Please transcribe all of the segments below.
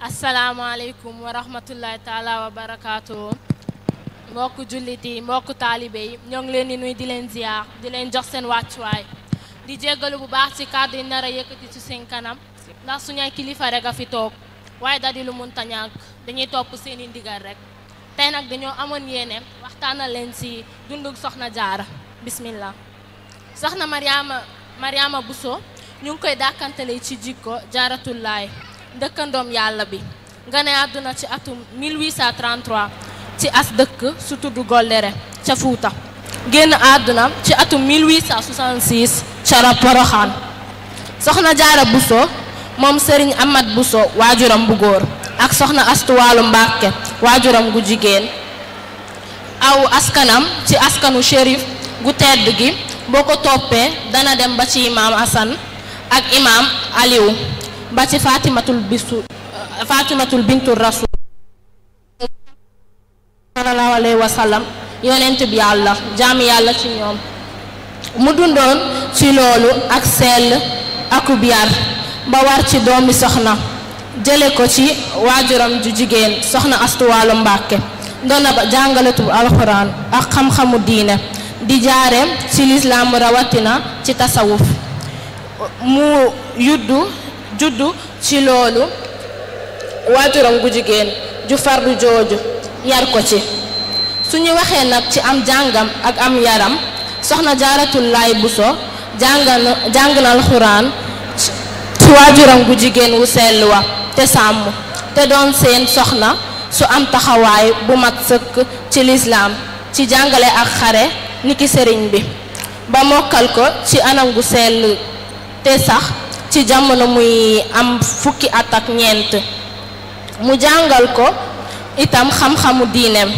asalaamaaleykum wa rahmatullahi taala wa barakaatu mbokku jullit yi taalibe ñoo ngi leen di di leen ziyaar di leen jox seen wàccuwaay di jéggalu bu baax ci kàddu yi nar a yëkkati ci seen kanam ndax suñuy kilifa rek a fi toog waaye da di lu munta ñàkk dañuy topp seen ndigal rek tey nag dañoo amoon yéene waxtaanal leen ci dundug soxna jaara bismillah soxna mariama mariama buso ñu ngi koy dàkkantale ci jikko jaaratullaay dëkkandoom yàlla bi gane àdduna ci atum 1833 ci as dëkk su tudd Golléré ca Fuuta génn àdduna ci atum 1866 ca ra soxna Jaara Buso moom Sëriñ Amat Buso waajuram bu góor ak soxna Astuwaalu Mbàkke waajuram gu jigéen aw askanam ci askanu shérif gu tedd gi boo ko toppee dana dem ba ci imaam Asan ak imaam Aliou ba ci faatimatul bisu faatimatul bintu rasul sallallahu alayhi wa sallam yonent bi yàlla jaam yàlla ci ñoom mu dundoon ci loolu ak sell akub yar ba war ci doomi soxna jële ko ci waajuram ju jigéen soxna astuwaalu mbàkke doona ba jàngalatu alxuraan ak xam-xamu diine di jaare ci lislaam rawatina ci tasawuf mu yuddu juddu ci loolu waajuram gu jigéen ju fardu jooju yar ko ci su ñu waxee nag ci am jàngam ak am yaram soxna jaaratullaay buso jàngal jàng na alxuraan ci waajuram gu jigéen wu sell wa te sàmm te doon seen soxna su am taxawaay bu mag sëkk ci lislaam ci jàngale ak xare niki sëriñ bi ba mokkal ko ci anam gu sell te sax ci jamono muy am fukki atak ak ñeent mu jàngal ko itam xam-xamu diineem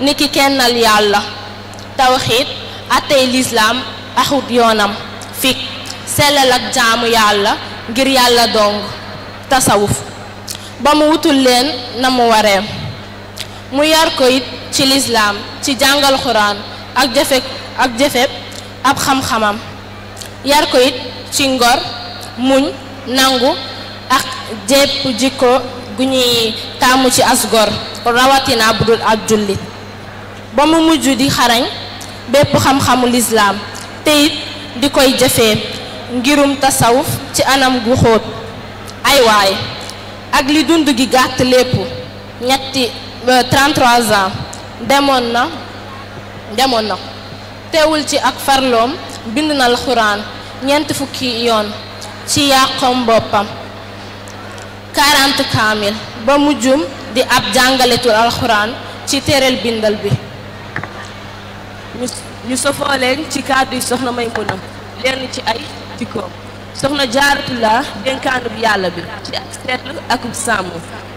niki kennal yàlla tawxiid atey lislaam axut yoonam fik sellal ak jaamu yàlla ngir yàlla dong tasawuf ba mu wutul leen na mu waree mu yar ko it ci lislaam ci jàngal xuraan ak jëfe jëfe ab xam-xamam yar ko it ci ngor muñ nangu ak jépp jikko gu ñuy taamu ci asgor rawatina bu dul ab jullit ba mu mujj di xarañ bépp xam-xamu lislaam te di koy jëfee ngirum tasawuf ci anam gu xóot ay waay ak li dund gi gàtt lépp ñetti 33 euh, ans demoon na demoon na teewul ci ak farloom bind na alxuraan ñeent fukki yoon ci yàqoom boppam 40 kaamil ba mu di ab jàngaletul alxuraan ci téral bindal bi ñu sofoo leen ci kàddu yi soxna Maymuna lenn ci ay jikkoom soxna jaaratulaa dénkaanub yàlla bi ci ak seetlu akub sàmm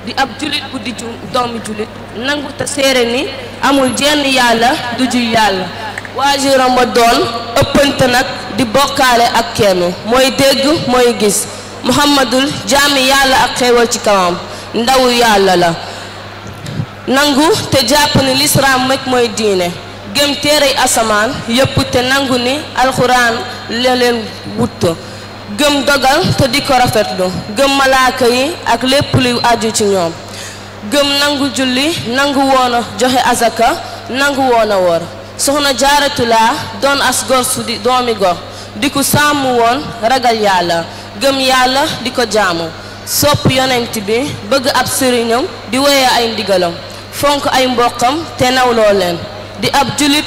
di ab julit bu di ju doomi julit nangu te séere ni amul jenn yàlla du ju yàlla waajuram ba doon ëppante nag di bokkaale ak kenn mooy dégg mooy gis muhammadul jaami yàlla ak xéewal ci kawam ndawu yàlla la nangu te jàpp ni lislaam rek mooy diine gëm téerey asamaan yëpp te nangu ni alxuraan la leen wut gëm dogal te di ko rafetlu gëm malaaka yi ak lépp luy aju ci ñoom gëm nangu julli nangu woon joxe azaka nangu woon a wor soxna jaaratulaa doon as gor su di doomi gor di ku sàmm woon ragal yàlla gëm yàlla di ko jaamu sopp yonent bi bëgg ab sëriñam di woye ay ndigalam fonk ay mbokkam te nawloo leen di ab julit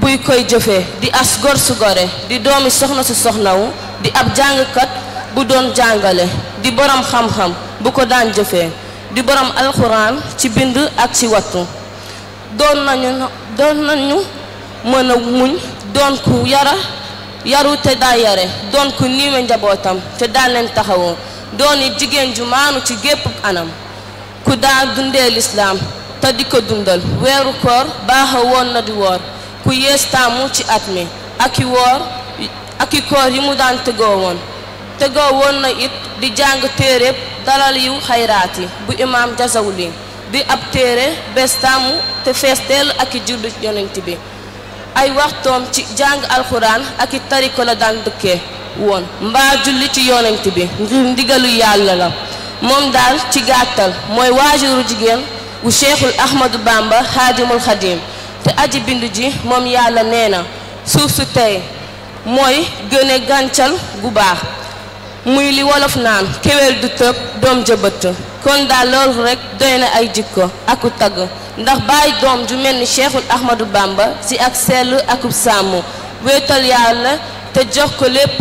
buy koy jëfe di as gor su gore di doomi soxna su soxnawu di ab jàngkat bu doon jàngale di borom xam-xam bu ko daan jëfee di borom alxuraan ci bind ak ci wattu doon nañu doon nañu mën a muñ doon ku yara yaru te daa yare doon ku niiwe njabootam te daan leen taxawoo dooni jigéen ju maanu ci gépp anam ku daa dundee lislaam te di ko dundal weeru koor baaxa na di woor ku yees taamu ci at mi ak i woor ak i yi mu daan tegoo woon tëggoo woon na it di jàng téereb dalal yu xayraat yi bu imaam jasawli di ab téere bés tàmmu te fees teel ak i yonent bi ay waxtoom ci jàng alxuraan ak i tariko la daan dëkkee woon mbaa julli ci yonent bi ngir ndigalu yàlla la moom daal ci gàttal mooy waajuru jigéen wu cheikhul ahmadu bamba xaadimul xadim te aji bindu ji moom yàlla nee na suuf su tey mooy gëne gàncal bu baax muy li wolof naan kéwél du tëb doom jëbët kon daal loolu rek doy na ay jikko aku tagg ndax bàyyi doom ju mel ni cheikhul ahmadou bamba ci ak sell akub sàmm wéetal yàlla te jox ko lépp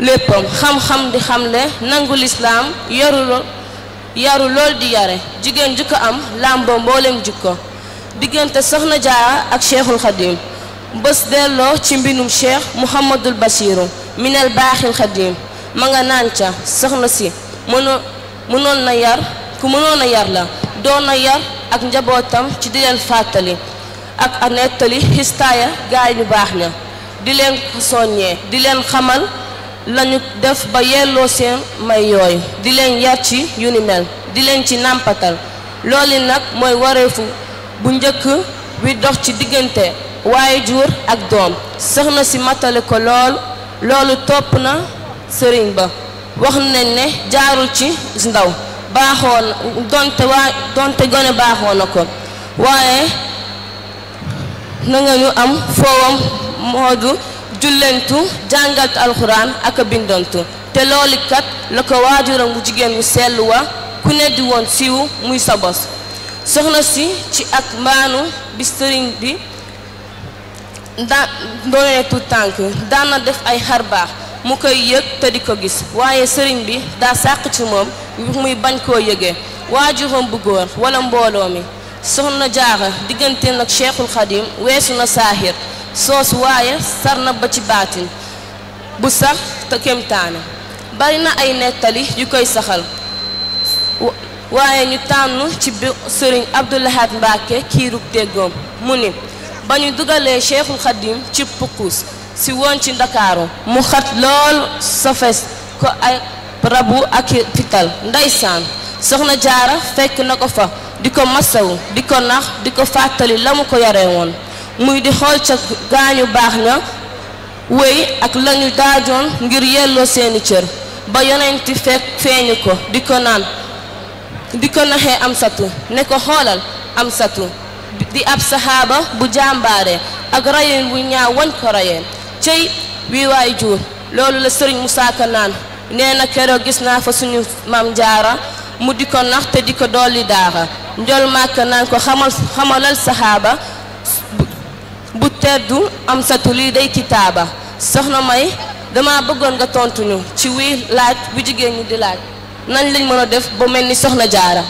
léppam xam-xam di xamle nangu lislaam yarul yaru lool di yare jigéen ju ko am làmbo mboolem jikko diggante soxna jaara ak cheikhul xadim bés delloo ci mbinum cheikh mouhamadul bachiru minel baaxil xadim ma nga naan ca soxna si mënoon na yar ku mënoon a yar la doon na yar ak njabootam ci di leen fàttali ak a nettali xistaaya gaay baax ña di leen soññee di leen xamal lañu def ba yelloo seen may yooy di leen yar ci yu di leen ci nàmpatal loolu nag mooy wareefu bu njëkk wi dox ci diggante waaye jur ak doom soxna si matale ko loolu topp na sëriñ ba wax nañ ne jaarul ci ndaw baaxoon donte waa donte gone baaxoon na ko waaye nanga nga ñu am foowam moo du jullentu jàngaltu alxuraan ak bindantu te loolu kat la ko waajuram bu jigéen bu sell wa ku ne di woon siiw muy sa bos soxna si ci ak mbaanu bi sëriñ bi daan tànk daan def ay xar mu koy yëg te di ko gis waaye sëriñ bi daa sàq ci moom muy bañ koo yëgee waajuram bu góor wala mbooloo mi soxna jaara diggante nag cheikhul xadim weesu na saahir soosu waaye sar na ba ci baatin bu sax te kemtaane bari na ay nettali yu koy saxal waaye ñu tànn ci biir sëriñ abdoulahat mbàkke kiirug déggoom mu ni ba ñu dugalee cheikhul xadim ci pukkus si woon ci ndakaaru mu xat lool sofes ko ay rabu ak fital ndeysaan soxna jaara fekk na ko fa di ko masawu di ko nax di ko fàttali la mu ko yore woon muy di xool ca gaañu baax ña wéy ak lañu daajoon ngir yelloo seeni cër ba yonenti fekk feeñu ko di ko naan di ko naxee am satu ne ko xoolal am satu di ab saxaaba bu jàmbaare ak rayeen bu ñaaw wañ ko rayeen cey wii waay juur loolu la sëriñ Musaa Ka naan nee na keroog gis naa fa suñu maam jaara mu di ko nax te di ko dolli daara njol màkk naan ko xamal xamalal saxaaba bu teddu am satu lii day kitaaba soxna may dama bëggoon nga tontuñu ci wii laaj bu jigéen ñi di laaj nañ lañ mën a def ba mel ni soxna jaara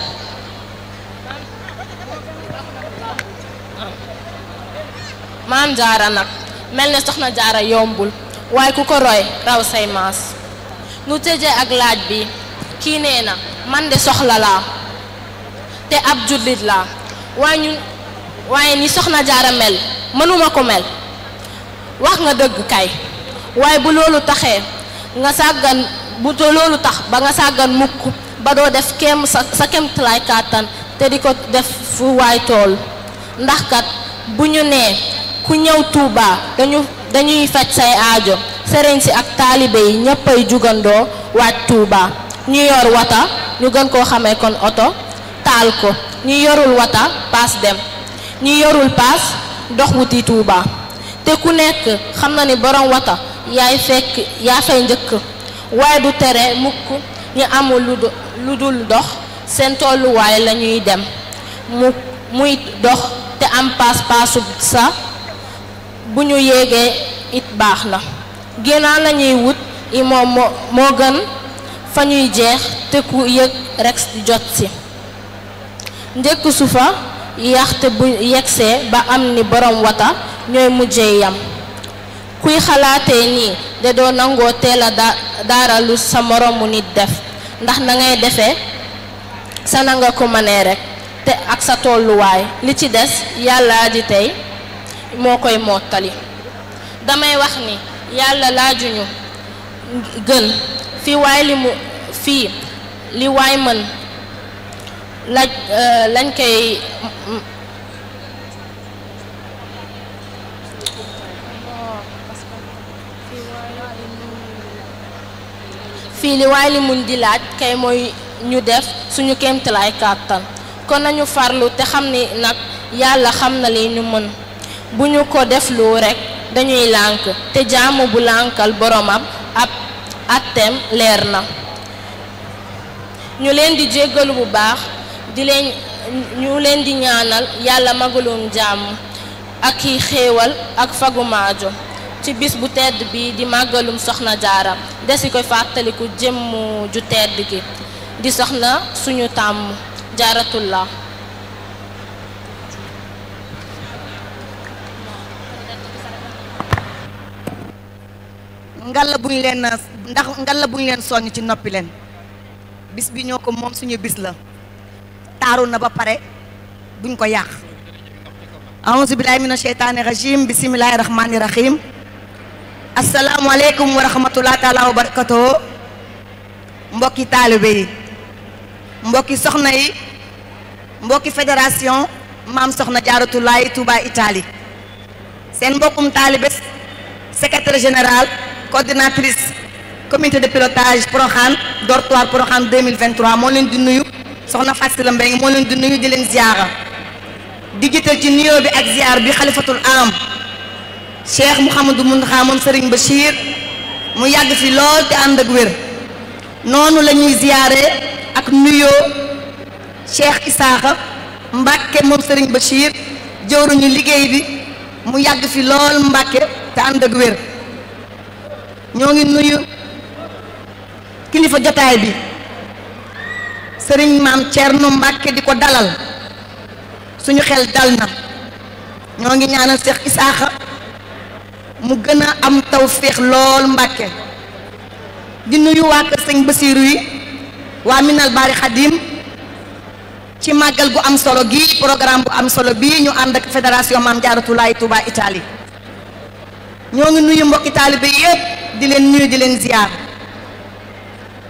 maam jaara nag mel ne soxna jaara yombul waaye ku ko roy raw say maas nu tëjee ak laaj bi kii nee na man de soxla laa te ab jullit laa waaye ni soxna jaara mel mënuma ko mel wax nga dëgg kay waaye bu loolu taxee nga sàggan bu loolu tax ba nga sàggan mukk ba doo def kem sa kemtalaay kàttan te di ko def fu waay tool ndax kat bu ñu nee ku ñëw tuuba dañu dañuy faj say aajo sëriñ si ak taalibe yi ñëpp ay jugandoo waaj Touba ñu yor wata ñu gën koo xamee kon oto taal ko ñu yorul wata paas dem ñu yorul paas dox wuti Touba te ku nekk xam na ni borom wata yaay fekk yaa fay njëkk waaye du tere mukk ñu amul lu dul dox seen tolluwaay lañuy dem mu muy dox te am paas paasub sa bu ñu yéegee it baax na ginnaaw lañuy wut i moom moo gën fa ñuy jeex te ku yëg rekk jot si njëkk su fa yaxte bu yegsee ba am ni borom wata ñooy mujjee yam kuy xalaate nii de doo nangoo teel a daara sa moromu nit def ndax na defe defee sa nanga ko mënee rekk te ak sa tolluwaay li ci des yàlla di tey moo koy mottali damay wax ni yàlla laajuñu gën fi waay li mu fii li waay mën laaj euh, lañ koy fii li waay li mun di laaj kay mooy ñu def suñu kéemtalaay kàttan kon nañu farlu te xam ni nag yàlla xam na li ñu mën bu ñu ko deflu rekk dañuy lànk te jaamu bu lànkal boromam ab atteem leer na ñu leen di jéggalu bu baax di leen ñu leen di ñaanal yàlla magalum jàmm ak i xéewal ak fagumaajo ci bis bu tedd bi di màggalum soxna jaara desi koy fàttaliku jëmm ju tedd gi di soxna suñu tàmm jaaratullah ngalla bu ñu leen ndax ngalla bu ñu leen soññ ci noppi leen bis bi ñoo ko moom suñu bis la taaru na ba pare buñ ko yàq aouzu billahi mina sheytaani rajim bisimilahi rahmaani rahim asalaamualeykum wa rahmatullah mbokki taalibe yi mbokki soxna yi mbokki fédération maam soxna jaaratulaay Touba Italie seen mbokkum taalibe secrétaire général coordinatrice comité de pilotage Proxaan dortoir Proxaan 2023 moo leen di nuyu soxna Fatou la Mbengue moo leen di nuyu di leen ziara di ci nuyoo bi ak ziar bi xalifatul am Cheikh Mouhamadou Mountakha moom Serigne Bachir mu yàgg fi lool te ànd ak wér noonu la ñuy ziare ak nuyoo Cheikh Isaaxa Mbacke moom Serigne Bachir jëwruñu liggéey bi mu yàgg fi lool Mbacke te ànd ak wér. ñoo ngi nuyu kilifa jotaay bi sëriñ maam Thierno Mbacke di ko dalal suñu xel dal na ñoo ngi ñaanal Cheikh Isaaxa mu gën a am tawféex lool Mbacke di nuyu waa kër sëñ Basiiru yi waa Minal Baari Xadim ci màggal gu am solo gi programme bu am solo bii ñu ànd ak fédération Maam Jaaratullaay Touba Italie ñoo ngi nuyu mbokki taalibe yépp di leen nuyu di leen ziar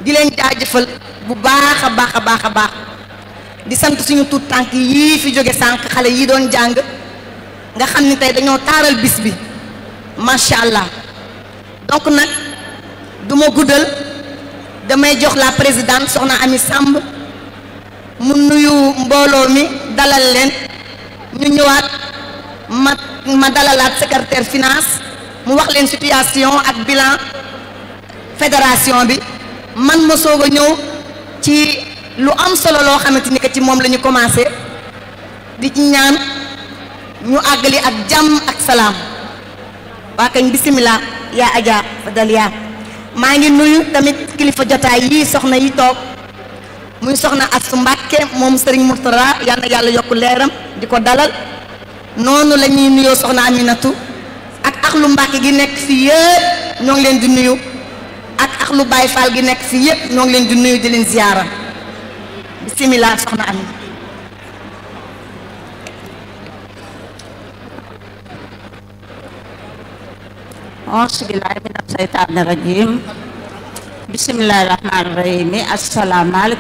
di leen jaajëfal bu baax a baax a baax a baax di sant suñu tuut tànk yii fi jóge sànq xale yi doon jàng nga xam ni tey dañoo taaral bis bi macha allah donc nag duma guddal damay jox la présidente soxna Ami Samb mu nuyu mbooloo mi dalal leen ñu ñëwaat ma ma dalalaat secrétaire finance. mu wax leen situation ak bilan fédération bi man ma soog a ñëw ci lu am solo loo xamante ni que ci moom lañu ñu commencé di ci ñaan ñu àggali ak jàmm ak salaam waa kañ bisimilah yaa Adja Fadal yaa maa ngi nuyu tamit kilifa jotaay yii soxna yi toog muy soxna Astu Mbàkke moom Serigne Mourtada yal na yàlla yokk leeram di ko dalal noonu la ñuy nuyoo soxna Aminatu axlu Mbàkke gi nekk fi yëpp ñoo ngi leen di nuyu ak axlu Baay Faal gi nekk fi yëpp ñoo ngi leen di nuyu di leen ziyaara bisimilah soxna Ami auzu billaahi mina sheytaani rajiim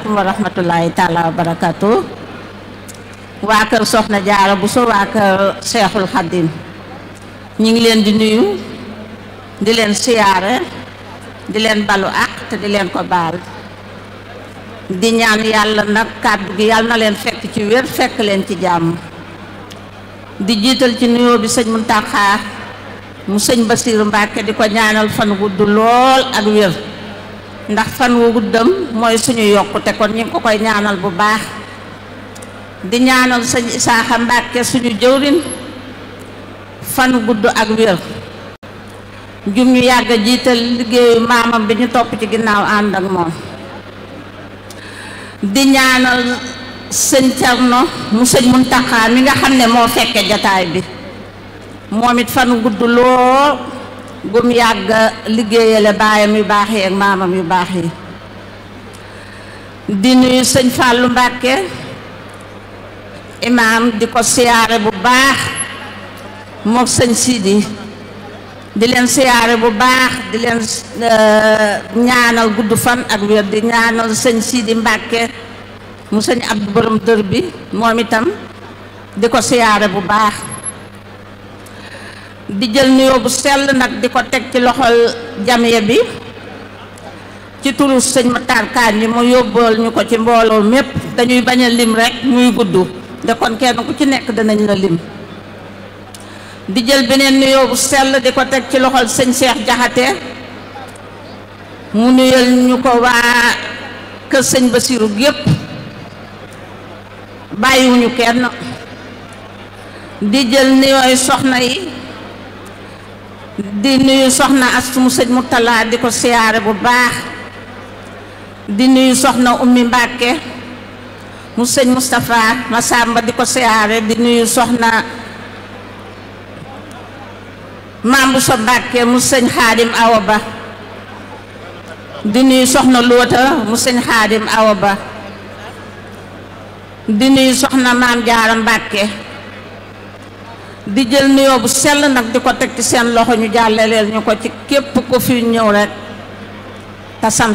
wa rahmatulahi taala wa barakatu waa kër soxna jaara bu so waa kër seexul xaddim ñu ngi leen di nuyu di leen siyaare di leen balu àq te di leen ko baal di ñaan yàlla nag kàddu gi yàlla na leen fekk ci wér fekk leen ci jàmm di jiital ci nuyoo bi sëñ mu Muntaxa mu sëñ Basiiru Mbàkke di ko ñaanal fan gudd lool ak wér ndax fan wu guddam mooy suñu yokkute kon ñu ngi ko koy ñaanal bu baax di ñaanal sëñ Isaaxa Mbàkke suñu jëwrin fan gudd ak wér jum ñu yàgg a jiital liggéeyu maamam bi ñu topp ci ginnaaw ànd ak moom di ñaanal sëñ Cerno mu sëñ Muntaxa mi nga xam ne moo fekke jataay bi moom it fan gudd loo gum yàgg liggéeyale baayam yu baax yi ak maamam yu baax yi di nuyu sëñ Fàllu Mbàkke imaam di ko siyaare bu baax mook sëñ siidi di leen siyaare bu baax di leen eh, ñaanal gudd fan ak wér di ñaanal sëñ siidi Mbàkke mu sëñ Abdu borom dër bi moom itam di ko siyaare bu baax di jël nuyoo bu sell nag di ko teg ci loxol jamiya bi ci turu sëñ Matar Kaan bi mu yóbbool ñu ko ci mbooloo mépp dañuy bañ a lim rek muy gudd de kon kenn ku ci nekk danañ la lim di jël beneen nuyoo bu sell di ko teg ci loxol sëñ Cheikh Jaxate mu nuyal ñu ko waa kër sëñ Basiru gépp bàyyiwuñu kenn di jël nuyooy soxna yi di nuyu soxna astu mu sëñ Murtala di ko siyaare bu baax di nuyu soxna ummi Mbàkke mu sëñ Moustapha Masamba di ko siyaare di nuyu soxna maam bu sa Mbàkke mu sëñ xaadim awa ba di nuyu soxna Luuta mu sëñ xaadim awa ba di nuyu soxna maam jaara Mbàkke di jël nuyoo bu sell nag di ko teg ci seen loxo ñu jàllaleel ñu ko ci képp ko fi ñëw rek te sant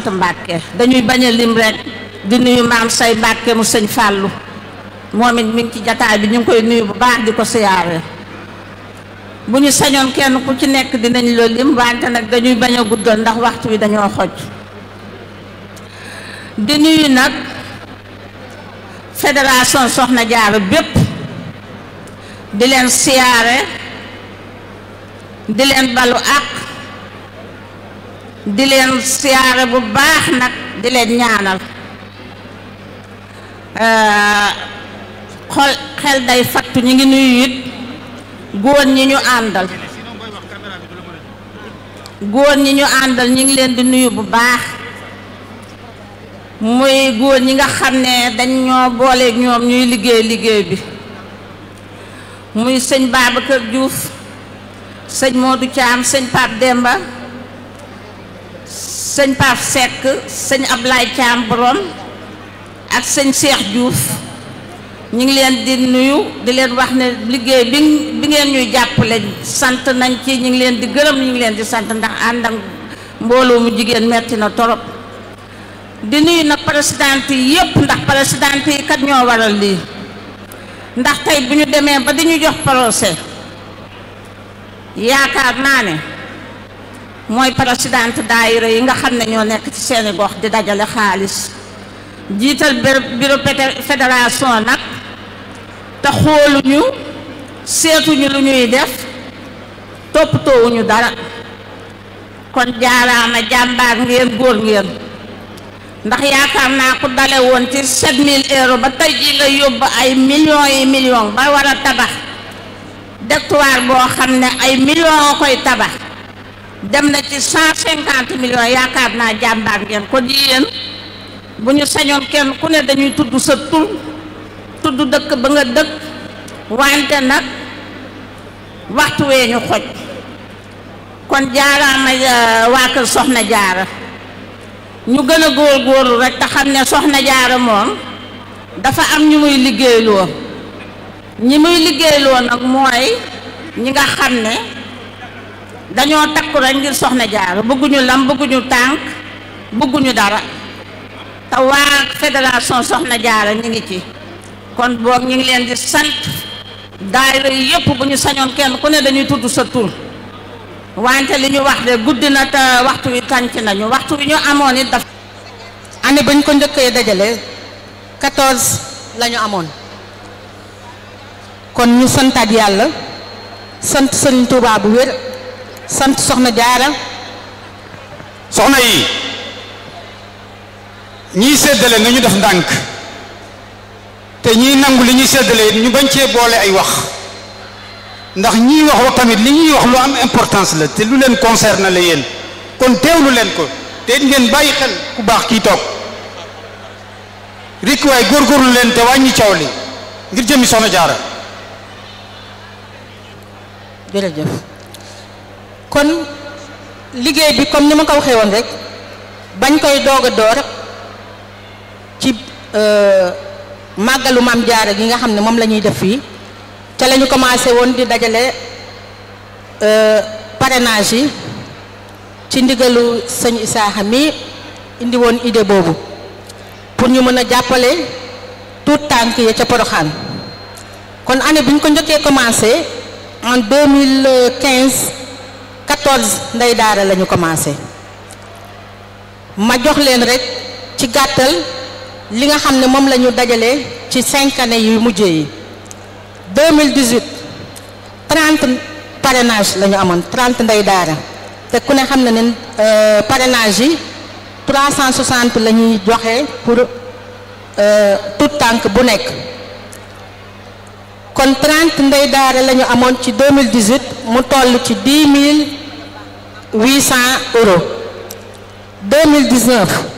dañuy bañ a lim rek di nuyu maam say Mbàkke mu sëñ fàllu moom it mi ci jataay bi ñu koy nuyu bu baax di ko siyaare bu ñu sañoon kenn ku ci nekk dinañ la lim wante nag dañuy bañ a guddal ndax waxtu wi dañoo xoj di nuyu nag fédération Soxna jaaro bépp di leen siyaare di leen balu àq di leen siyaare bu baax nag di leen ñaanal xol xel day fattu ñu ngi nuyu it góor ñi ñu àndal góor ñi ñu àndal ñu ngi leen di nuyu bu baax muy góor ñi nga xam ne dañ ñoo boole ñoom ñuy liggéey liggéey bi muy sëñ Babacar Diouf sëñ Modou Thiam sëñ Pape Demba sëñ Pape Seck sëñ Ablaye Thiam Borom ak sëñ seex Diouf ñu ngi leen di nuyu di leen wax ne liggéey bi bi ngeen ñuy jàppale sant nañ ci ñu ngi leen di gërëm ñu leen di sant ndax ànd ak mbooloo mu jigéen metti na torop di nuyu nag président yi yëpp ndax président yi kat ñoo waral lii ndax tey bu ñu demee ba di ñu jox procès yaakaar naa ne mooy président daayira yi nga xam ne ñoo nekk ci seeni gox di dajale xaalis jiital bureau fédération nag te xooluñu seetuñu lu ñuy def toppatoowuñu dara kon jaaraama jàmbaar ngeen góor ngeen ndax yaakaar naa ku dale woon ci 7000 euros ba tey ji nga yóbbu ay millions yi millions ba war a tabax déctoire boo xam ne ay millions koy tabax dem na ci 150 millions yaakaar naa jàmbaar ngeen kon yéen bu ñu sañoon kenn ku ne dañuy tudd sa tur du dëkk ba nga dëkk wante nag waxtu wee ñu xoj kon jaaraama euh, waa kër soxna jaara ñu gën a góor góorlu rek te xam ne soxna jaara moom dafa am ñu muy liggéeyloo ñi muy liggéeyloo nag mooy ñi nga xam ne dañoo takku rek ngir soxna jaara bëgguñu lam bëgguñu tànk bëgguñu dara te waa fédération soxna jaara ñu ngi ci kon boog ñu ngi leen di sant daayira yi yëpp bu ñu sañoon kenn ku ne dañuy tudd sa tur wante li ñu wax de guddi na te waxtu wi tànc nañu waxtu wi ñu amoon it daf année bañ ko njëkkee dajale quatorze lañu amoon kon ñu santaat yàlla sant sëriñ Tuubaa bu wér sant soxna jaara soxna yi ñiy séddale nañu def ndànk te ñiy nangu li ñuy séddale ñu bañ cee boole ay wax ndax ñiy wax wa tamit li ñuy wax lu am importance la te lu leen concerne la yéen kon teewlu leen ko te it ngeen bàyyi xel ku baax kii toog rikk góor góorgóorlu leen te wàññi coow li ngir jëmmi soxna jaara kon liggéey bi comme ni ma ko waxee woon rek bañ koy doog a door ci euh, màggalu maam jaara gi nga xam ne moom la ñuy def fii ca la ñu commencé woon di dajale euh, parrainage yi ci ndigalu sëñ Isaaxa mi indi woon idée boobu pour ñu mën a jàppale tout tànk ya ca Poroxaan kon année bi ñu ko njëkkee commencé en 2015 14 ndey daara la ñu commencé ma jox leen rek ci gàttal li nga xam ne moom la ñu dajale ci cinq années yu mujj yi 2018 30 parrainage la ñu amoon 30 ndey daara te ku ne xam ne ne euh, parrainage yi 360 la ñuy joxe pour euh, tout tànk bu nekk kon 30 ndey daara la ñu amoon ci 2018 mu toll ci 10 800 euros 2019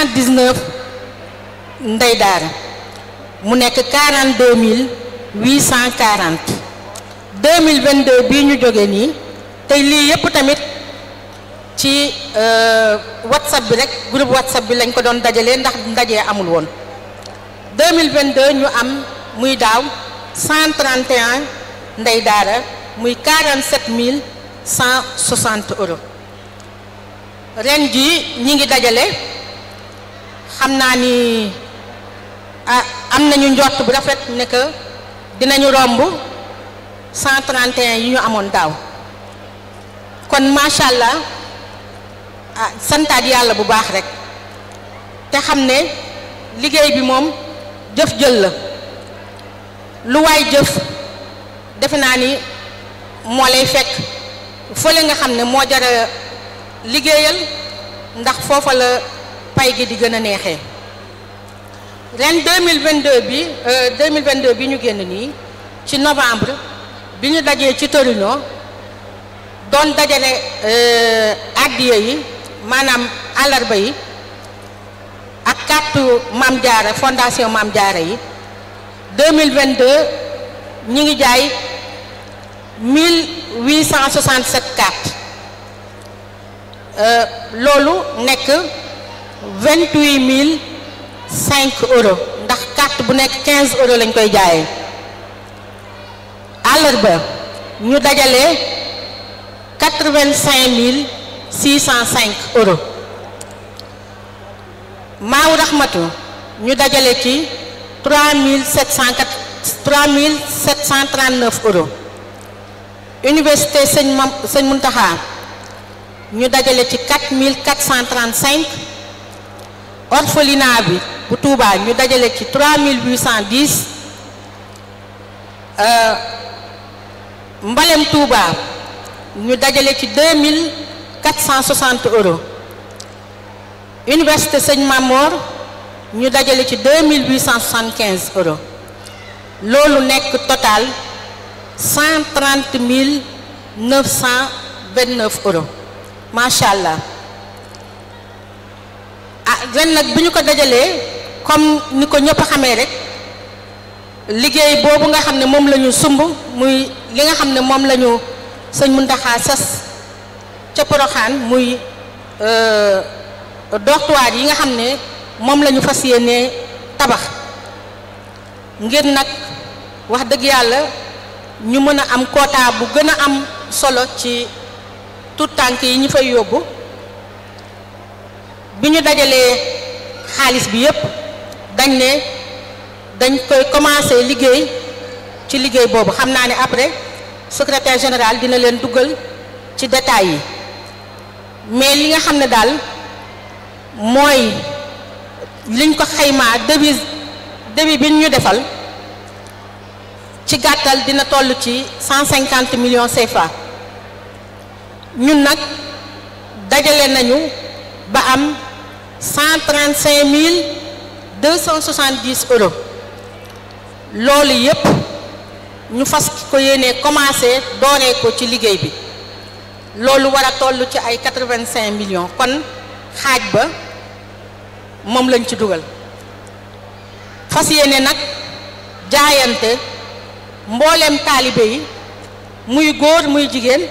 119 ndey daara mu nekk 42 840 2022 bii ñu jógee nii tey lii yëpp tamit ci euh, whatsapp bi rek groupe whatsapp bi lañ ko doon dajalee ndax ndajee amul woon 2022 ñu am muy daaw 131 ndey daara muy 47 160 euros ren jii ñi ngi dajale xam naa ni ah, am nañu njort bu rafet ne que dinañu romb 131 yi ñu amoon daaw kon macha allah ah santaat yàlla bu baax rek te xam ne liggéey bi moom jëf jël la lu waay jëf defe naa ni moo lay fekk fële nga xam ne moo jara liggéeyal ndax foofa la. pay gi di gën a neexee ren 2022 bi 2022 euh, bi ñu génn nii ci novembre bi ñu dajee ci Torino doon dajale euh, addiya yi maanaam àllarba yi ak kàttu Maam Jaara fondation Maam Jaara yi 2022 ñi ngi jaay 1867 cartes euh, loolu nekk vingt huit mille cinq euros ndax carte bu nekk quinze euros lañ koy jaayee àllarba ñu dajale quatre vingt cinq mille six raxmatu ñu dajale ci trois mille sept cent quatre trois université sëñ Mam ñu dajale ci quatre mille orphelinat bi bu Touba ñu dajale ci 3810 euh, Mbalem Touba ñu dajale ci 2460 euros Université Sëñ Mamor ñu dajale ci 2875 euros loolu nekk total 130 929 euros macha allah. ah ren nag bi ñu ko dajalee comme ni ko ñëpp xamee rek liggéey boobu nga xam ne moom lañu ñu sumb muy li nga xam ne moom la ñu sëñ Muntaxa sas ca Poroxaan muy euh, dortoir yi nga xam ne moom la fas yéenee tabax ngir nag wax dëgg yàlla ñu mën a am quota bu gën a am solo ci tout tànk yi ñu fay yóbbu bi ñu dajalee xaalis bi yépp dañ ne dañ koy commencer liggéey ci liggéey boobu xam naa ne après secretaire général dina leen duggal ci détails yi mais li nga xam ne daal mooy liñ ko xaymaa début début bi ñu defal ci gàttal dina toll ci cent cinquante millions CFA ñun nag dajale nañu ba am 135 mille 270 euros loolu yépp ñu fas ko yéene commencé dooree ko ci liggéey bi loolu war a toll ci ay 85 millions kon xaaj ba moom lañ ci dugal fas yéene nag jaayante mbooleem taalibe yi muy góor muy jigéen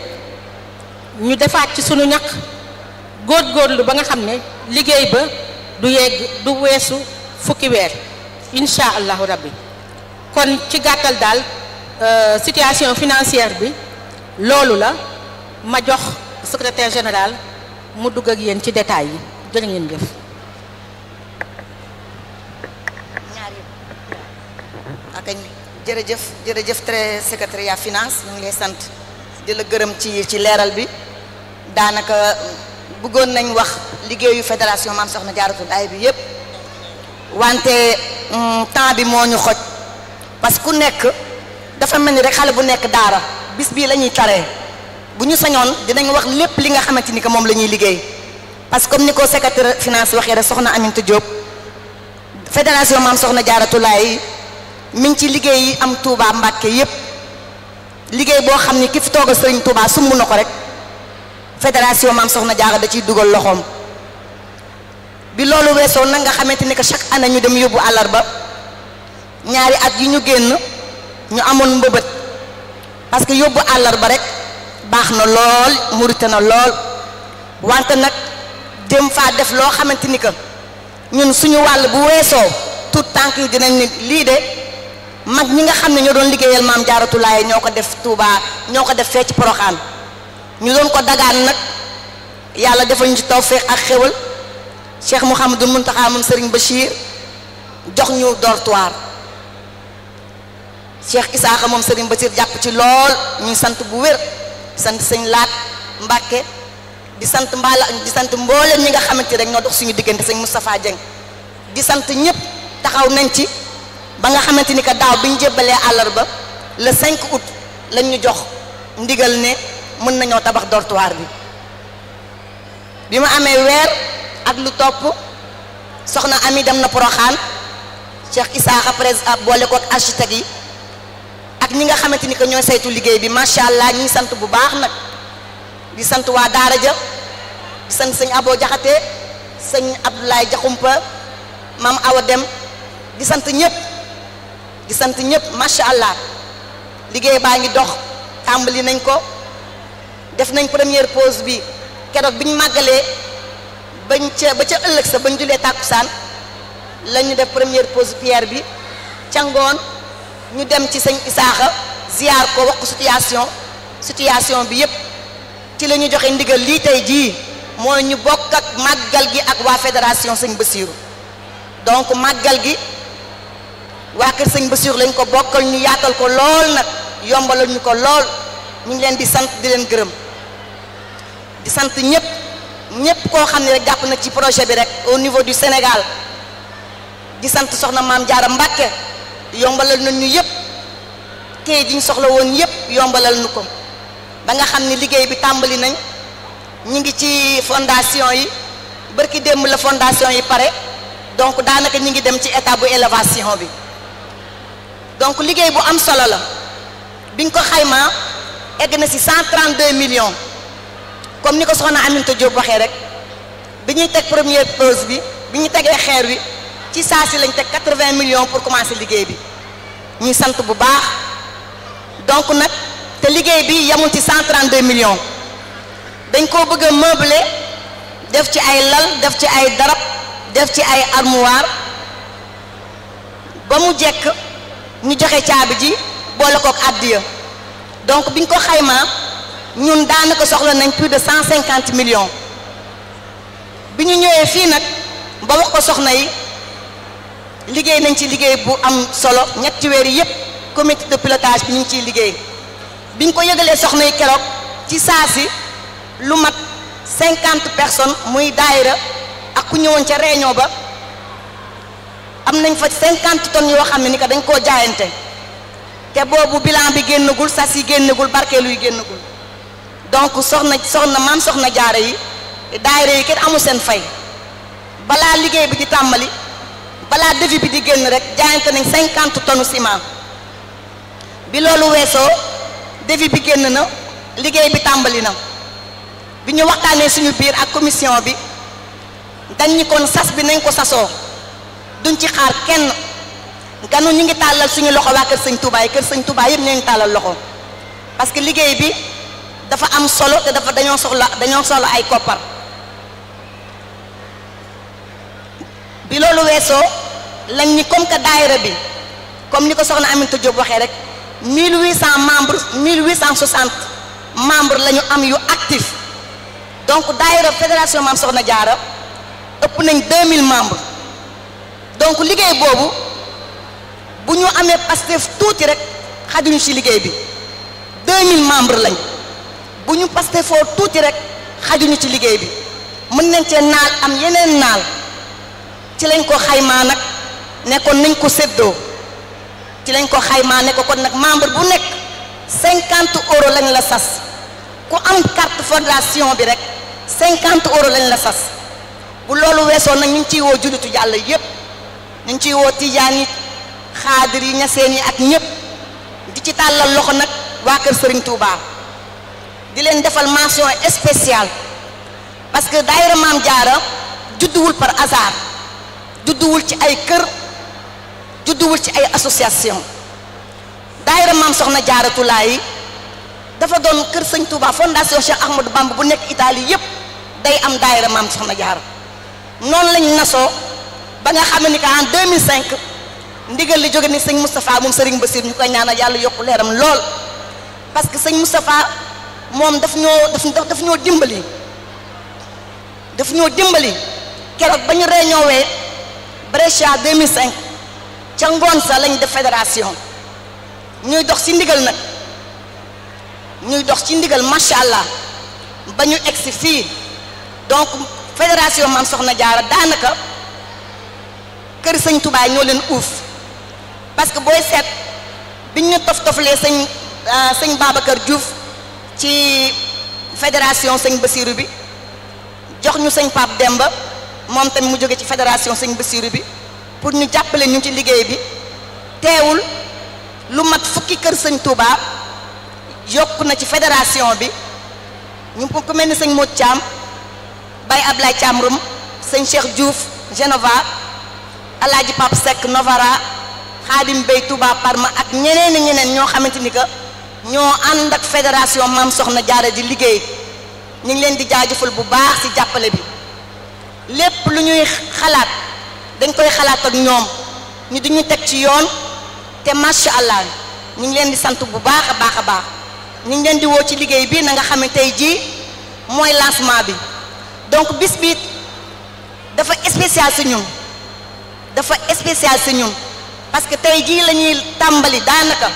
ñu defaat ci sunu ñaq góorgóorlu ba nga xam ne liggéey ba du yegg du weesu fukki weer incha allahu rabbi kon ci gàttal daal euh, situation financière bi loolu la ma jox secretaire général mu dugg ak yéen ci détails yi jërë ngeen jëf. akañ ah, jërëjëf jërëjëf très finance ñu ngi sant di la gërëm ci ci leeral bi daanaka. bëggoon nañ wax liggéeyu fédération maam soxna jaaratul ay bi yëpp wante mm, temps bi moo ñu xoj parce que ku nekk dafa mel ni rek xale bu nekk daara bis bii la ñuy taree bu ñu sañoon dinañ wax lépp li nga xamante ni que moom la ñuy liggéey parce que comme ni ko secrétaire finance waxee rek soxna Aminta Diop fédération maam soxna jaaratulaay mi ngi ci liggéey yi am Touba Mbàkke yëpp liggéey boo xam ni ki fi toogal Sëriñ Touba sumb na ko rek fédération maam soxna jaara da ciy dugal loxoom bi loolu weesoo nag nga xamante ni que chaque année ñu dem yóbbu àllarba ñaari at yi ñu génn ñu amoon mbëbët parce que yóbbu àllarba rek baax na lool murite na lool wante nag jëm faa def loo xamante ni que ñun suñu wàll bu weesoo tout tànk yi dinañ ni lii de mag ñi nga xam ne ñoo doon liggéeyal maam jaaratulaay ñoo ko def Touba ñoo ko def fee ci Porokhane ñu doon ko dagaan nag yàlla defal ñu ci tawféex ak xéwal Cheikh Mouhamadou Mountakha moom Serigne Bachir jox ñu dortoir Cheikh Isaaxa moom Serigne Bachir jàpp ci lool ñuy sant bu wér sant sëñ Laat Mbàkke di sant mbaala di sant mboolem ñi nga xamante rek ñoo dox suñu diggante sëñ Moustapha Dieng di sant ñëpp taxaw nañ ci ba nga xamante ni que daaw bi ñu jébbalee àllarba le 5 août lañ ñu jox ndigal ne. mën nañoo tabax dortoir bi bi ma amee weer ak lu topp soxna ami dem na Poroxaan Cheikh Isaaxa pres ah, boole ko ak architecte yi ak ñi nga xamante ni que ñoo saytu liggéey bi macha allah ñi sant bu baax nag di sant waa daara ja di sant sëñ Abo Jaxate sëñ Abdoulaye Jaxumpa maam Awa Dem di sant ñëpp di sant ñëpp macha allah liggéey baa ngi dox tàmbali nañ ko def nañ première pause bi keroog bi ñu màggalee bañ ca ba ca ëllëg sa bañ julee tàkkusaan la ñu def première pause pierre bi ca ngoon ñu dem ci sëñ Isaaxa ziar ko wax situation situation bi yëpp ci la ñu joxe ndigal lii tey jii mooy ñu bokk ak màggal gi ak waa fédération sëñ Basiiru donc màggal gi waa kër sëñ Basiiru lañ ko bokkal ñu yaatal ko lool nag yombalal ñu ko lool ñu ngi leen di sant di leen gërëm di sant ñëpp ñëpp koo xam ne rek jàpp na ci projet bi rek au niveau du Sénégal di sant soxna maam Jaara Mbàkke yombalal nañ ñu yëpp kay diñ soxla woon yëpp yombalal nu ko ba nga xam ni liggéey bi tàmbali nañ ñi ngi ci fondation yi bërki démb la fondation yi pare donc daanaka ñi ngi dem ci état bu élévation bi donc liggéey bu am solo la biñ ko xaymaa egg na ci 132 millions comme ni ko soxna Aminta Diop waxee rek bi ñuy teg première pause bi bi ñu tegee xeer wi ci saa si lañ teg quatre-vingts millions pour commencer liggéey bi ñuy sant bu baax donc nag te liggéey bi yamul ci cent trente-deux dañ koo bëgg a meubler def ci ay lal def ci ay darab def ci ay armoire ba mu jekk ñu joxe caabi ji boole kook àddiya donc biñ ko xaymaa ñun daanaka soxla nañ plus de cent cinquante millions bi ñu ñëwee fii nag ba wax ko soxna yi liggéey nañ ci liggéey bu am solo ñetti weer yi yëpp comité de pilotage bi ñu ngi ciy liggéey bi ñu ko yëgalee soxna yi keroog ci saa si lu mat cinquante personnes muy daayira ak ku ñëwoon ca réunion ba am nañ fa cinquante tonnes yoo xam ne ni que dañ koo jaayante te boobu bilan bi génnagul sas yi génnagul barkeelu yi génnagul donc soxna soxna maam soxna jaara yi daayira yi kenn amul seen fay balaa liggéey bi di tàmbali balaa devis bi di génn rek jaayante nañ cinquante tonnes ciment bi loolu weesoo devis bi génn na liggéey bi tàmbali na bi ñu waxtaanee suñu biir ak commission bi dañ ñi kon sas bi nañ ko sasoo duñ ci xaar kenn ganu ñu ngi tàllal suñu loxo waa kër sëñ Touba kër sañ Touba yëpp ñu ngi tàllal loxo parce liggéey bi dafa am solo te dafa dañoo soxla dañoo soxla ay koppar bi loolu weesoo lañ ni comme que daayira bi comme ni ko soxna Aminata Diop waxee rek 1800 membres 1860 membres la ñu am yu actif donc daayira fédération Maam Soxna Jaara ëpp nañ 2000 membres donc liggéey boobu bu ñu amee Pastef tuuti rek xajuñu ci liggéey bi 2000 membres lañ bu ñu Pastefoo tuuti rek xajuñu ci liggéey bi mën nañ cee naal am yeneen naal ci lañ ko xaymaa nag ne kon nañ ko séddoo ci lañ ko xaymaa ne ko kon nag membre bu nekk cinquante euros la sas ku am carte fondation bi rek cinquante euros lañ la sas bu loolu weesoo nag ñu ngi ciy woo jullitu yàlla yépp ñu ngi ciy woo tijaan yi xaadir yi yi ak ñépp di ci tàllal loxo nag waa kër Serigne Touba. di leen defal mention spéciale parce que daayira Maam Jaara judduwul par hasard judduwul ci ay kër judduwul ci ay association daayira Maam Soxna Jaara Tulaayi dafa doon kër Sëñ Touba fondation Cheikh Ahmadou Bamba bu nekk Italie yëpp day am daayira Maam Soxna Jaara noonu lañ nasoo ba nga xam ni que en 2005 ndigal li jóge ni sëñ Moustapha moom Serigne Bassir ñu koy ñaanal yàlla yokku leeram lool parce que sëñ moom daf ñoo daf daf ñoo dimbali daf ñoo dimbali keroog ba ñu réunion wee Brescia 2005 ca ngoon sa lañ def fédération ñuy dox ci ndigal nag ñuy dox ci ndigal macha allah ba ñu egsi fii donc fédération Maam Soxna Jaara daanaka kër sëñ tubaay ñoo leen uuf parce que booy seet biñ ñu tof toflee sëñ euh, sëñ Babacar Diouf ci fédération sëñ Basiru bi jox ñu sëñ Pape Demba moom tamit mu jóge ci fédération sëñ Basiru bi pour ñu jàppale ñu ci liggéey bi teewul lu mat fukki kër sëñ Touba yokk na ci fédération bi ñu ku mel ni sëñ Modou Thiam Baye Ablaye Thiam Rum sëñ Cheikh Diouf Genova Alaaji Pape Seck Novara Xaadim Bey par ma ak ñeneen ñeneen ñoo xamante ni que ñoo ànd ak fédération maam soxna jaara di liggéey ñu ngi leen di jaajëfal bu baax ci jàppale bi lépp lu ñuy xalaat dañ koy xalaat ak ñoom ñu di teg ci yoon te macha allah ñu ngi leen di sant bu baax a baax a baax ñu ngi leen di woo ci liggéey bi na nga xam ne tey jii mooy lancement bi donc bis dafa spécial si ñun dafa spécial si ñun parce que tey jii la ñuy tàmbali daanaka.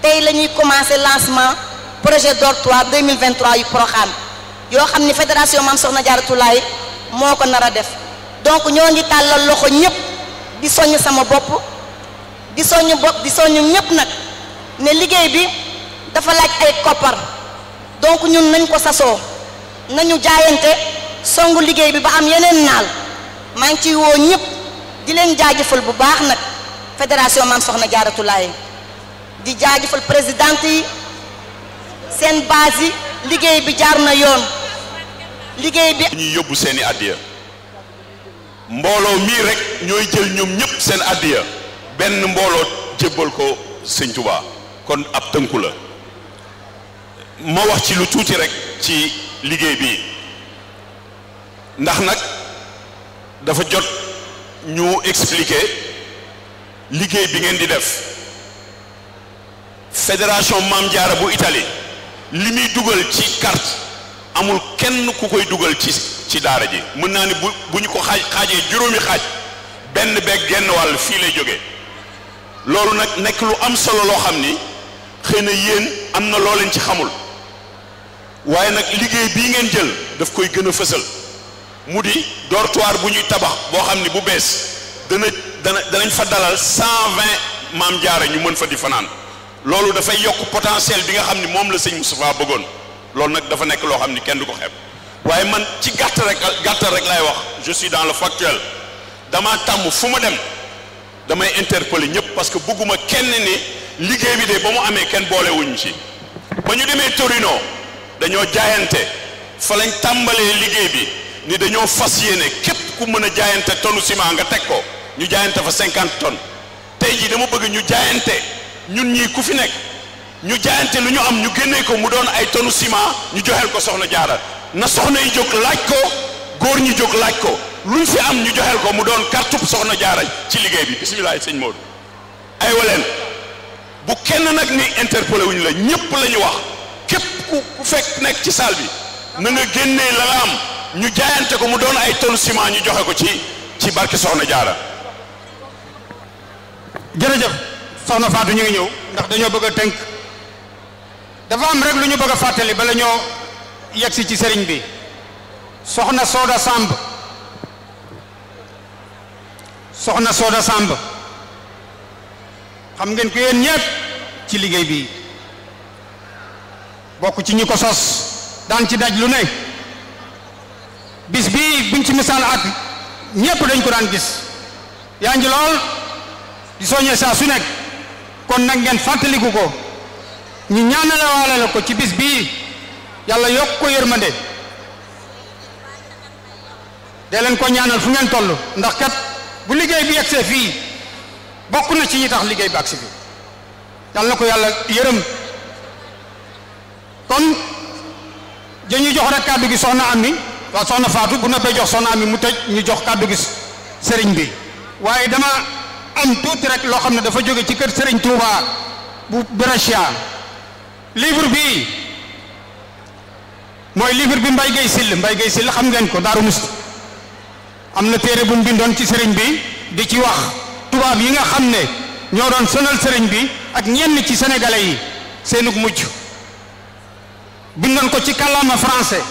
tey la ñuy commencé lancement projet dortoir 2023 yu Proxaan yoo xam ni fédération Maam Soxna Jaara Tulaay moo ko nar a def donc ñoo ngi tàllal loxo ñëpp di soññ sama bopp di soññ bopp di soññ ñëpp nag ne liggéey bi dafa laaj ay koppar donc ñun nañ ko sasoo nañu jaayante songu liggéey bi ba am yeneen naal maa ngi ciy woo ñëpp di leen jaajëfal bu baax nag fédération Maam Soxna Jaara Tulaay di jaajëfal présidente yi seen base liggéey bi jaar na yoon liggéey bi ñuy yóbbu seeni addiya mbooloo mii rek ñooy jël ñoom ñëpp seen addiya benn mbooloo jébbal ko sëñ Tuubaa kon ab tënku la ma wax ci lu tuuti rek ci liggéey bi ndax nag dafa jot ñu expliquer liggéey bi ngeen di def fédération Maam Jaara bu itali li muy dugal ci carte amul kenn ku koy dugal ci ci daara ji mën naa ni bu bu ñu ko xaaj xaajee juróomi xaaj benn beeg genn wàll fii lay jógee loolu nag nekk lu am solo loo xam ni xëy na yéen am na loo leen ci xamul waaye nag liggéey bii ngeen jël daf koy gën a fësal mu di dortoir bu ñuy tabax boo xam ni bu bees dana dana danañ fa dalal cent maam jaara ñu mën fa di fanaan loolu dafay yokk potentiel bi nga xam ni moom la sëñ Moustapha bëggoon loolu nag dafa nekk loo xam ni kenn du ko xeeb waaye man ci gàtt rek gàtt rek lay wax je dans le factuel dama tàmm fu ma dem damay interpeller ñëpp parce que bëgguma kenn ni liggéey bi de ba mu amee kenn boolewuñu wuñ ci ba ñu demee Torino dañoo jaayante fa lañ tàmbalee liggéey bi ni dañoo fas yéene képp ku mën a jaayante tonu ciment nga teg ko ñu jaayante fa cinquante tonnes tey jii dama bëgg ñu jaayante ñun ñii ku fi nekk ñu jaayante lu ñu am ñu génnee ko mu doon ay tonu ciment ñu joxeel ko soxna jaara na soxna yi jóg laaj ko góor ñi jóg laaj ko luñ fi am ñu ko mu doon kartub soxna jaara ci liggéey bi bisimilah sëñ Modou ay kenn nag ni interpellé wuñu la ñépp la ñu wax képp ku fekk nekk ci salle bi na nga génnee la am ñu jaayante ko mu doon ay tonu ciment ñu joxe ko ci ci barke soxna jaara jërëjëf soxna Fatou ñu ngi ñëw ndax dañoo bëgg tënk dafa am rek lu ñu bëgg a fàttali bala ñoo yegsi ci sëriñ bi soxna Soda Samb soxna Soda Samb xam ngeen ko yéen ñépp ci liggéey bi bokk ci ñu ko sos daan ci daj lu ne bis bii buñ ci misaal ak ñépp dañ ko daan gis yaa ngi di soññee saa su nekk kon nag ngeen fàttaliku ko ñu ñaanale la ko ci bis bii yàlla yokk ko yërmande de leen ko ñaanal fu ngeen toll ndax kat bu liggéey bi yegsee fii bokk na ci ñi tax liggéey bi agsi bi yàlla ko yàlla yërëm kon dañuy jox rek kàddu gi soxna am mi waa soxna Faatu bu noppee jox soxna am mi mu tëj ñu jox kàddu gi sëriñ bi waaye dama am tuuti rek loo xam ne dafa jóge ci kër Serigne Touba bu Brescia livre bi mooy livre bi mbay Guèye Syll Mbaye Guèye Syll xam ngeen ko Daaru Musti am na téere bu mu bindoon ci sëriñ bi di ci wax tubaab yi nga xam ne ñoo doon sonal sëriñ bi ak ñenn ci sénégalais yi seenug mujj bindoon ko ci kàllaama français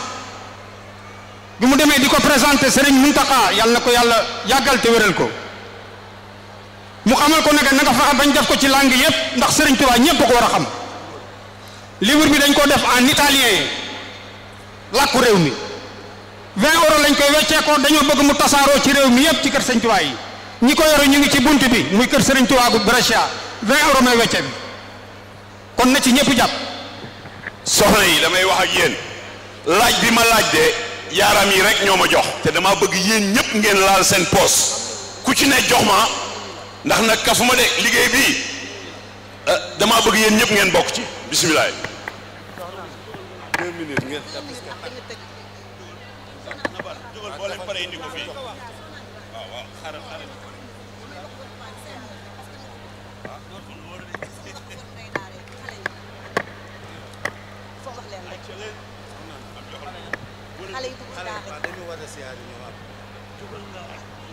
bi mu demee di ko présenté sëriñ Muntaxa yàlla na ko yàlla yàggal te wéral ko mu xamal ko nag na nga fexe bañ def ko ci langue yëpp ndax Serigne Touba ñëpp ko war a xam livre bi dañ koo def en italien làkku réew mi 20 euros lañ koy wecceekoo dañoo bëgg mu tasaaroo ci réew mi yëpp ci kër Serigne Touba yi ñi ko yore ñu ngi ci bunt bi muy kër Serigne Touba gu Brescia 20 euros may wecce bi kon na ci ñëpp jàpp. soxna yi damay wax ak yéen laaj bi ma laaj de yaaram yi rek ñoo ma jox te dama bëgg yéen ñëpp ngeen laal seen poos ku ci ne jox ma. ndax nag kafuma de liggéey bi eh, damaa bëgg yéen ñëpp ngeen bokk ci bisimilah. deux minutes ngeen.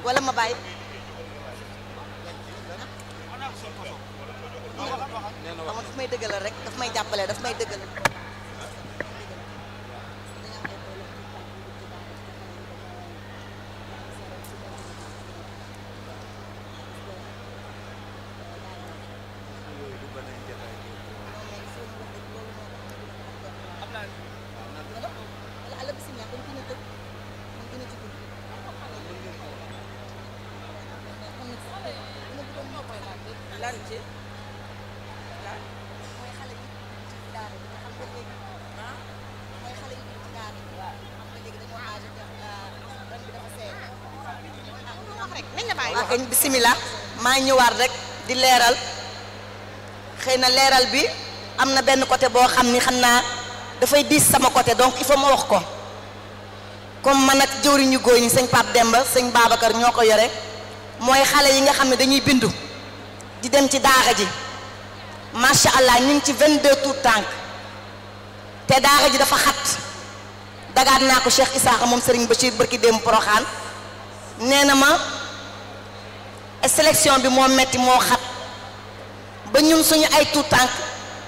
wala ma bàyyi. may dëggalal rek daf may jàppale daf may dëggal ko bisimilah maa ñëwaat rek di leeral xëy na leeral bi am na benn côté boo xam ni xam naa dafay diis sama côté donc il faut ma wax ko comme man ak ñu góor ñi sëñ Pape Demba sëñ Babacar ñoo ko yore mooy xale yi nga xam ne dañuy bindu di dem ci daara ji macha allah ñu ngi ci 22 tout tànk te daara ji dafa xat dagaat naa ko Cheikh Isaaxa moom Serigne Bachir bërki démb Poroxaan nee na ma. sélection bi moo metti moo xat ba ñun suñu ay tout tànk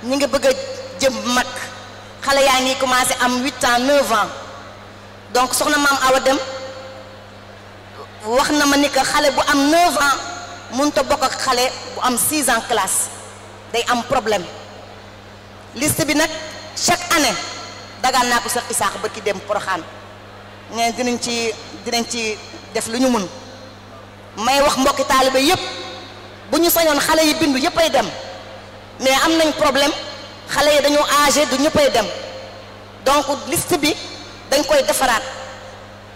ñu ngi bëgg a jëm mag xale yaa ngi commencé am huit ans neuf ans donc soxna maam Awa dem wax na ma ni que xale bu am neuf ans mënut bokk ak xale bu am six ans classe day am problème liste bi nag chaque année dagal naa ko sax isaax ba ki dem poroxaan ñeen dinañ ci dinañ ci def lu ñu mun may wax mbokki taalibe yëpp bu ñu sañoon xale yi bindu yëpp ay dem mais am nañ problème xale yi dañoo âgé du ñëppay dem donc liste bi dañ koy defaraat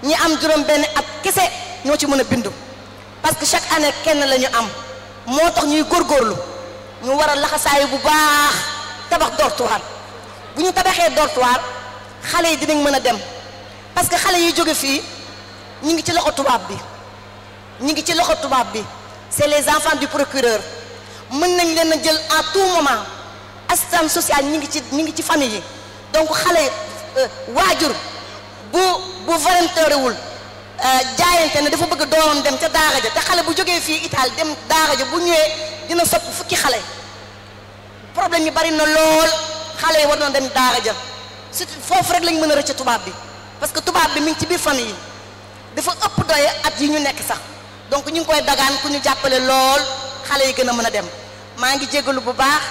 ñi am juróom benn at kese ñoo ci mën a bindu parce que chaque année kenn la ñu am moo tax ñuy góorgóorlu ñu war a laxasaayu bu baax tabax dortoir bu ñu tabaxee dortoir xale yi dinañ mën a dem parce que xale yi jóge fii ñu ngi ci loxo tubaab bi ñu ngi ci loxo tubaab bi c'est les enfants du procureur mën nañ leen a jël en tout moment assistance sociale ñu ngi ci ñu ngi ci famille yi donc xale euh, waajur bu bu volontaire wul euh, jaayante ne dafa bëgg doomam dem ca daara ja te xale bu jógee fii Italie dem daara ja bu ñëwee dina sopp fukki xale problème yi bari na lool xale yi war na dem daara ja surtout foofu rek lañ mën a rëcc tubaab bi parce que tubaab bi mi ngi ci biir famille yi dafa ëpp doye at yi ñu nekk sax donc ñu ngi koy dagaan ku ñu jàppale lool xale yi gën a mën a dem maa ngi jégalu bu baax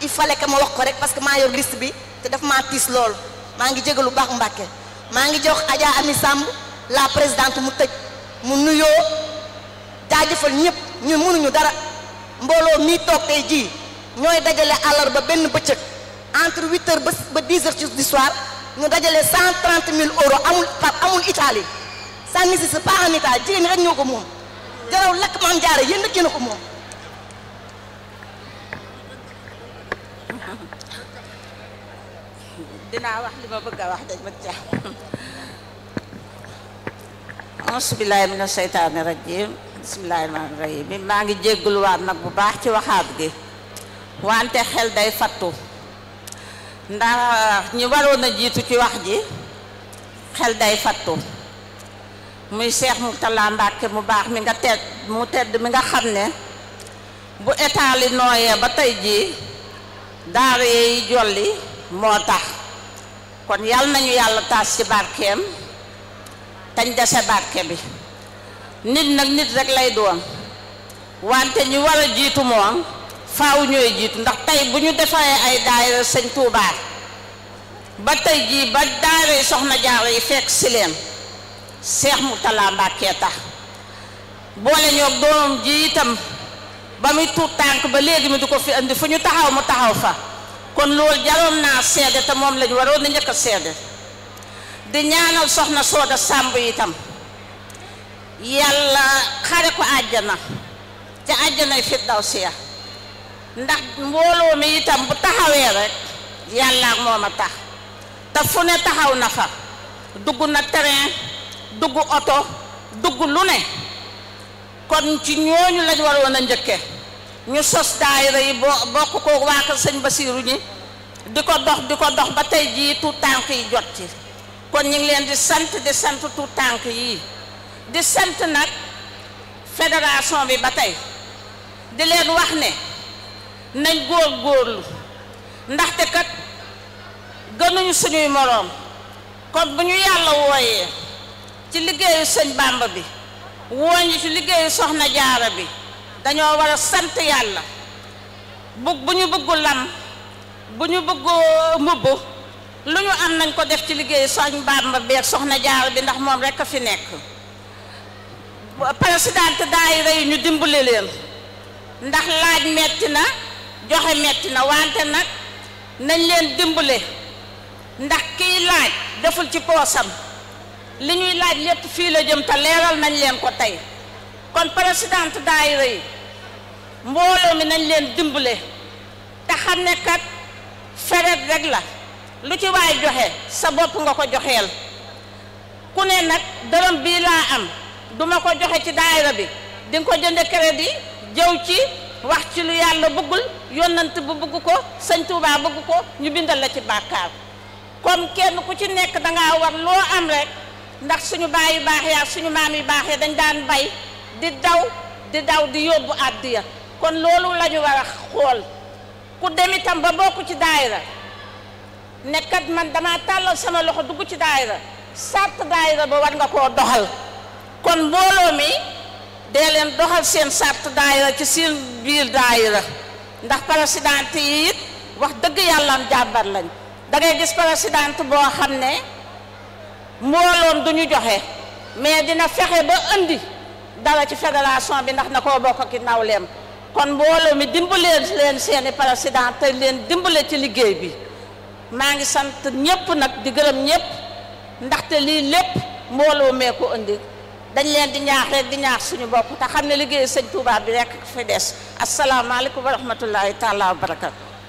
il fallait que ma wax ko rek parce que maa yor liste bi te dafa ma tiis lool maa ngi jégalu bu baax Mbàkke maa ngi jox Adja Ami Samb la présidente mu tëj mu nuyoo jaajëfal ñëpp ñun mënuñu dara mbooloo mii toog tey jii ñooy dajale ba benn bëccëg entre huit heures ba ba dix heures du ñu dajale cent trente mille euros amul amul Italie ça n'existe pas en Italie jigéen ñi rek ñoo ko moom. garaw lakk maam jaare yéen nag yéen a ko moom dinaa wax li ma bëgg a wax dañ ma caa auzu billaahi maa ngi jégguluwaat nag bu baax ci waxaat gi wante xel day fattu ndax ñi waroon a jiitu ci wax ji xel day fattu muy Cheikh Mourtala Mbacke mu baax mi nga tedd mu tedd mi nga xam ne bu état li nooyee ba tey jii daara yi jolli moo tax kon yal nañu yàlla taas ci barkeem tañ dese barke bi nit nag nit rek lay doon wante ñu war a jiitu moom faw ñooy jiitu ndax tey bu ñu defaree ay daayira sëñ Tuubaa ba tey jii ba daara yi soxna jaar yi fekk si leen Seex Murtala Mbàkke tax boole ñoog doomam ji itam ba muy tuut tànk ba léegi mi di ko fi andi fu ñu taxaw mu taxaw fa kon loolu jaroon naa seede te moom lañu waroon na njëkk a seede di ñaanal soxna Sooda Sàmb itam yàlla xare ko àjjana ca àjjanay firdawsi ya ndax mbooloo mi itam bu taxawee rek yàlla moom a tax te fu ne taxaw na fa dugg na terrain dugg oto dugg lu ne kon ci ñooñu lañ waroon a njëkke ñu sos daayira yi bokk ko waa kër sëñ Basiiru ñi di ko dox di ko dox ba tey jiitu tànk yi jot ci kon ñu ngi leen di sant di sant tànk yi di sant nag fédération bi ba tey di leen wax ne nañ góor góorlu ndaxte kat gënuñu suñuy moroom kon bu ñu yàlla wooyee ci liggéeyu sëñ Bàmba bi wooñu ci liggéeyu soxna jaara bi dañoo war a sant yàlla bu bu ñu bëggu lam bu ñu bëggu mbubb lu ñu am nañ ko def ci liggéeyu sëñ Bàmba bi ak soxna jaara bi ndax moom rekk a fi nekk présidente daayira yi ñu dimbali leen ndax laaj metti na joxe metti na wante nag nañ leen dimbale ndax kiy laaj deful ci poosam li ñuy laaj lépp fii la jëm te leeral nañ leen ko tey kon présidente daayira yi mbooloo mi nañ leen dimbale te xam ne kat feret rek la lu ci waay joxe sa bopp nga ko joxeel ku ne nag dërëm bii laa am duma ko joxe ci daayira bi di ko jënd jënde crédit jëw ci wax ci lu yàlla bëggul yonant bu bëgg ko sëñ Tuubaa bëgg ko ñu bindal la ci bàkkaar kon kenn ku ci nekk danga war loo am rek ndax suñu baay yu baax yaa suñu maam yu baax ya dañ daan bay di daw di daw di yóbbu àddiya kon loolu la war a xool ku dem itam ba bokk ci daayira nekkat man dama tàllal sama loxo dugg ci daay daayira sàtt daayira ba war nga koo doxal kon mbooloo mi dee leen doxal seen sàtt daayira ci seen biir daayira ndax président yi wax dëgg yàlla am jàmbar lañ dangay ngay gis président boo xam ne mbooloom du ñu joxe mais dina fexe ba indi dara ci fédération bi ndax na koo bokk ki nawleem kon mbooloo mi dimbalee leen seeni président te leen dimbale ci liggéey bi maa ngi sant ñëpp nag di gërëm ñëpp ndaxte lii lépp mbooloo mee ko indi dañ leen di ñaax di ñaax suñu bopp te xam ne liggéey sëñ Touba bi rekk fi des asalaamaaleykum wa rahmatullahi taala wa barakatu